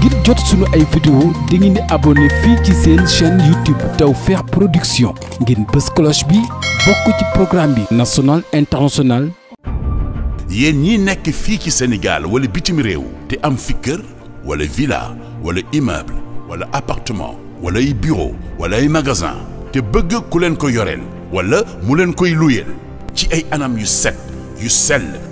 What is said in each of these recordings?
ngir jot sunu ay vidéo di ngeen di fii ci seen chaîne YouTube Tawfekh Production ngeen bës cloche bi bokk ci programme bi national international yéen ñi nekk fii ci Sénégal wala bitim réew te am fi wala villa wala immeuble wala appartement wala ay bureau wala ay magasin te bëgg ku leen ko yoreel wala mu leen koy luyeel ci ay anam yu set yu sel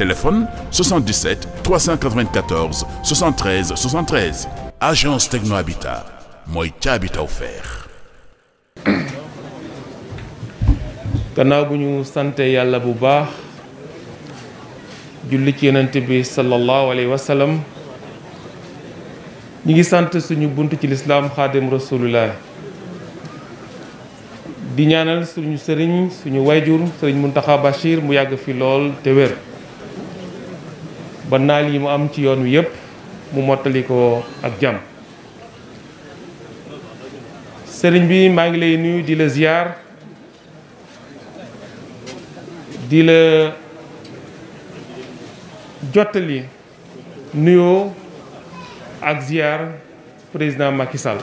téléphone 77 394 73 73 agence Techno Habitat mooy caabi Habitat offert. gannaaw bu ñu santee yàlla bu baax julli ci yonent bi sallallahu alayhi wa ñi ngi sant suñu bunt ci lislaam xaadim rasulullah di ñaanal suñu sëriñ suñu wayjur sëriñ Muntaxa Bachir mu yàgg fi lool te wér ba naal yi mu am ci yoon wi yëpp mu mottali ko ak jàmm sëriñ bi maa ngi lay nuyu di la ziyaar di la jottali nuyoo ak ziyaar président makisal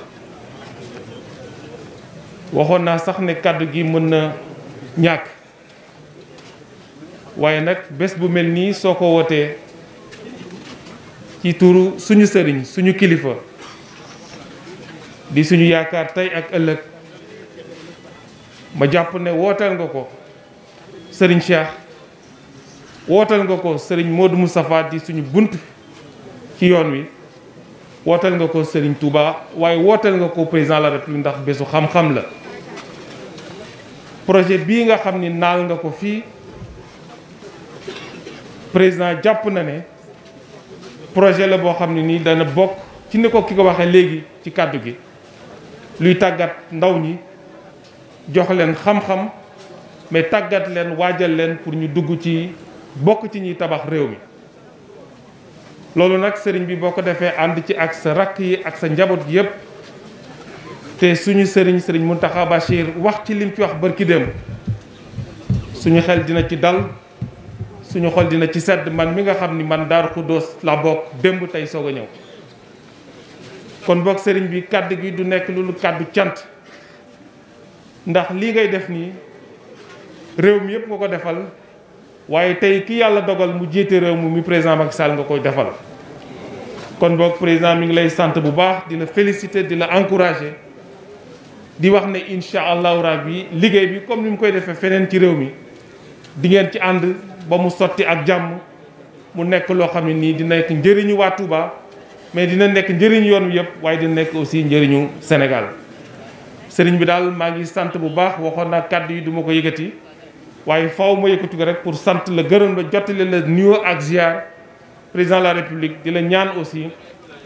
waxoon naa sax ne kàddu gi mën na ñàkk waaye nag bés bu mel nii soo ko wootee ci turu suñu sëriñ suñu kilifa di suñu yaakaar tey ak ëllëg ma jàpp ne wooteel nga ko sëriñ Cheikh wooteel nga ko sëriñ Modou Moustapha di suñu bunt ci yoon wi wooteel nga ko sëriñ Touba waaye wooteel nga ko président de la République ndax bésu xam-xam la projet bii nga xam ni naal nga ko fii président jàpp na ne projet la boo xam ne nii dana bokk ci ni ko ki ko waxee léegi ci kàddu gi luy tàggat ndaw ñi jox leen xam-xam mais tàggat leen waajal leen pour ñu dugg ci bokk ci ñuy tabax réew mi loolu nag sëriñ bi boo ko defee ànd ci ak sa rakk yi ak sa njaboot gi yépp te suñu sëriñ sëriñ Mountakha Bachir wax ci lim ci wax barki dem suñu xel dina ci dal suñu xol dina ci sedd man mi nga xam ni man daar Xuddoos la bokk démb tey soog a ñëw kon bokk sëriñ bi kàdd gi du nekk lu kàddu cant ndax lii ngay def nii réew mi yëpp nga ko defal waaye tey ki yàlla dogal mu jiite réew mi mi président mag Sall nga koy defal kon boog président mi ngi lay sant bu baax dina la féliciter di la encourager di wax ne incha allahu yi liggéey bi comme ni mu koy defee feneen ci réew mi di ci ànd ba mu sotti ak jàmm mu nekk loo xam ne nii di nekk njëriñu waa Touba mais dina nekk njëriñu yoon yëpp waaye dina nekk aussi njëriñu Sénégal sëriñ bi daal maa ngi sant bu baax waxoon naa kàddu yi du ma ko yëkkati waaye faaw ma yëkkati ko rek pour sant la gërëm la jottali la nuyoo ak ziar président la république dina ñaan aussi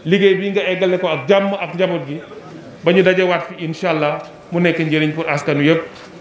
liggéey bi nga eggale ko ak jàmm ak njaboot gi ba ñu dajewaat fi incha allah mu nekk njëriñ pour askanu yëpp.